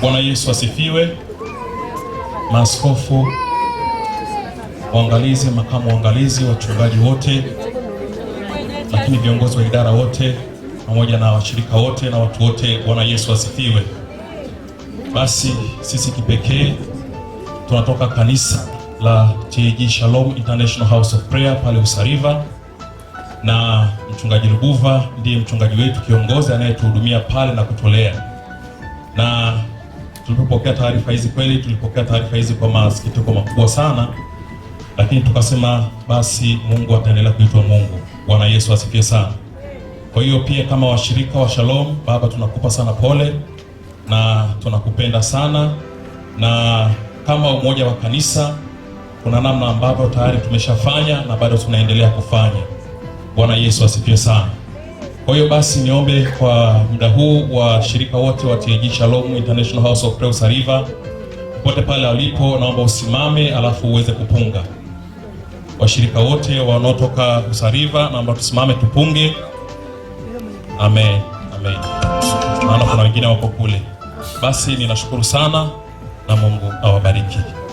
Bwana Yesu asifiwe. Maaskofu, waangalizi, makamu waangalizi, wachungaji wote, lakini viongozi wa idara wote, pamoja na washirika wote na watu wote, Bwana Yesu asifiwe. Basi sisi kipekee tunatoka kanisa la TAG Shalom International House of Prayer pale Usariva, na mchungaji Lubuva ndiye mchungaji wetu kiongozi anayetuhudumia pale na kutolea na Tulipopokea taarifa hizi, kweli tulipokea taarifa hizi kwa masikitiko makubwa sana, lakini tukasema basi Mungu ataendelea kuitwa Mungu. Bwana Yesu asifiwe sana. Kwa hiyo pia kama washirika wa Shalom, baba, tunakupa sana pole na tunakupenda sana, na kama umoja wa kanisa kuna namna ambavyo tayari tumeshafanya na bado tunaendelea kufanya. Bwana Yesu asifiwe sana. Kwa hiyo basi niombe kwa muda huu washirika wote wa TAG Shalom International House of Prayer Usariva, popote pale walipo, naomba usimame alafu uweze kupunga. Washirika wote wanaotoka Usariva, naomba tusimame tupunge. Amen, amen. Naona kuna wengine wako kule. Basi ninashukuru sana na Mungu awabariki.